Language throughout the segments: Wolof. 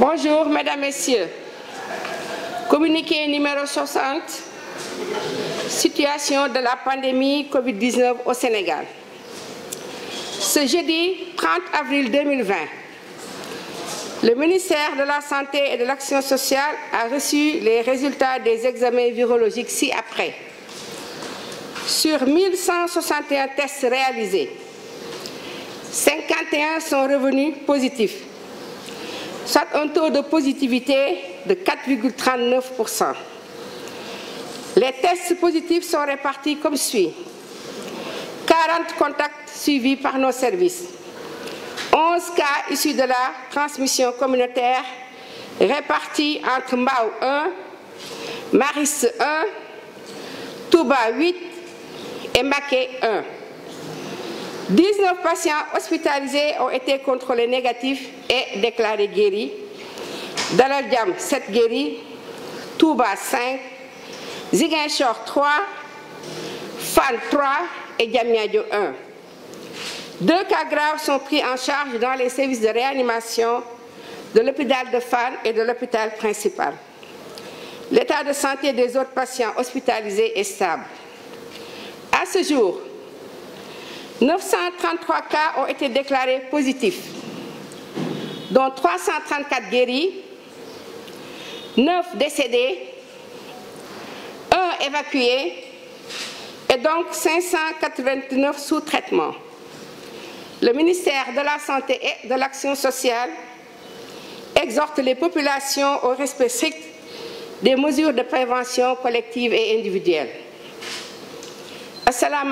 Bonjour, Mesdames, Messieurs. Communiqué numéro 60, situation de la pandémie COVID-19 au Sénégal. Ce jeudi 30 avril 2020, le ministère de la Santé et sociale a reçu les résultats des examens virologiques ci-après. Sur 1161 tests réalisés, 51 sont revenus positifs soit un taux de positivité de 4,39%. Les tests positifs sont répartis comme suit. 40 contacts suivis par nos services. 11 cas issus de la transmission communautaire répartis entre Mbao 1, Maris 1, Touba 8 et Maquet 1. 19 patients hospitalisés ont été contrôlés négatifs et déclarés guéris. Dalal Jam, 7 guéris. Touba, cinq Ziguinchor, 3. Fan, Et Diamniadio, 1. Deux cas graves sont pris en charge dans les services de réanimation de l'hôpital de Fan et de l'hôpital principal. L'état de santé des autres patients hospitalisés est stable. À ce jour, 933 cas ont été déclarés positifs, dont 334 guéris, 9 décédés, 1 évacué et donc 589 sous traitement. Le ministère de la Santé et de l'Action sociale exhorte les populations au respect des mesures de prévention collective individuelle. Assalamu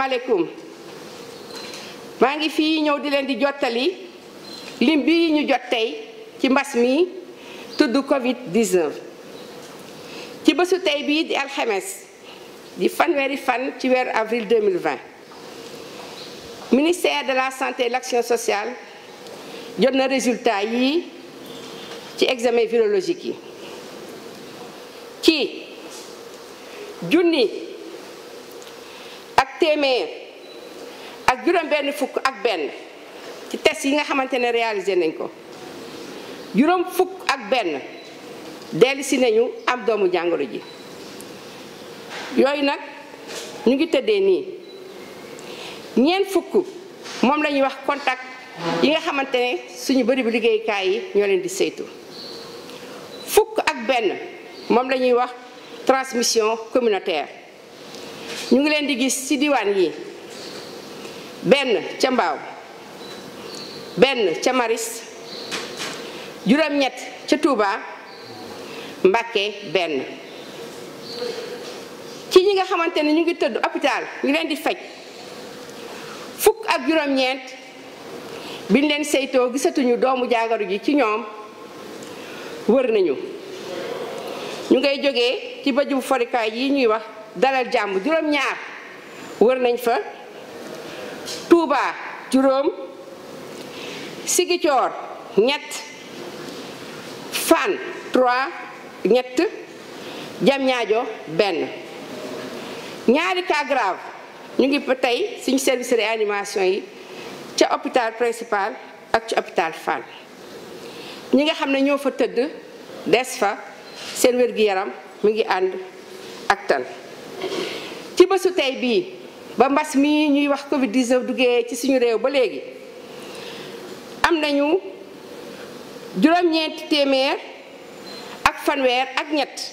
maa ngi fii ñëw di leen di jottali lim bii ñu jot tey ci mbas mi tudd Covid 19. ci bésu tey bii di alxemes di fanweeri fan ci weeru avril 2020 ministère de la santé et l'action sociale jot na résultat yi ci examen virologique yi ci junni ak téeméer. ak juróom benn fukk ak benn ci test yi nga xamante ne réalisé nañ ko juróom fukk ak benn dellusi nañu am doomu jàngoro ji yooyu nag ñu ngi tëddee nii ñeent fukk moom lañuy wax contact yi nga xamante ne suñu bëri bu liggéeyukaay yi ñoo leen di saytu fukk ak benn moom lañuy wax transmission communautaire ñu ngi leen di gis ci diwaan yi benn ca mbaaw benn ca maris juróom-ñett ca Touba Mbàkke benn ci ñi nga xamante ne ñu ngi tëdd hôpital ñu leen di faj fukk ak juróom-ñeent biñ leen saytoo gisatuñu doomu jàngoro ji ci ñoom wër nañu ñu ngay jógee ci bëj bu forikaay yi ñuy wax dalal jàmm juróom-ñaar wër nañ fa Touba juróom Sigicoor ñett Fann trois ñett Diamniadio benn ñaari cas ñu ngi ba tey siñ service réanimation yi ca hôpital principal ak ca hôpital fan ñi nga xam ne ñoo fa tëdd des fa seen wér-gu-yaram mu ngi ànd ak tan ci bésu tey bii ba mbas mi ñuy wax Covid 19 duggee ci suñu réew ba léegi am nañu juróom-ñeenti téeméer ak fanweer ak ñett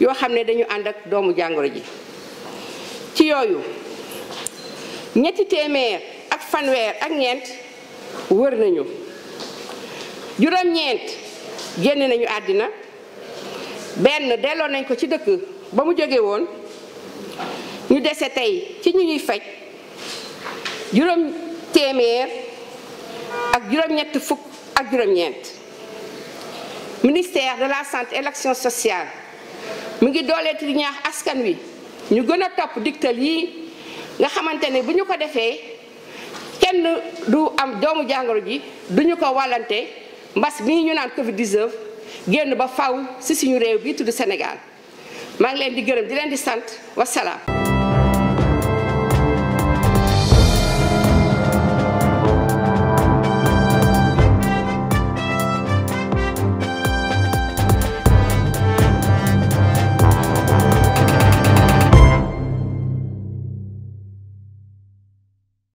yoo xam ne dañu ànd ak doomu jàngoro ji ci yooyu ñetti téeméer ak fanweer ak ñeent wër nañu juróom-ñeent génn nañu àddina benn delloo nañ ko ci dëkk ba mu jóge woon. ñu dese tey ci ñu ñuy faj juróom téeméer ak juróom-ñett fukk ak juróom-ñeent ministère de la santé et sociale mu ngi dooleeti di ñaax askan wi ñu gën a topp digtal yi nga xamante ne bu ñu ko defee kenn du am doomu jàngoro ji duñu ko wàllante mbas mii ñu naan Covid génn ba faw ci suñu réew bi tudd Sénégal maa ngi leen di gërëm di leen di sant wasalaam.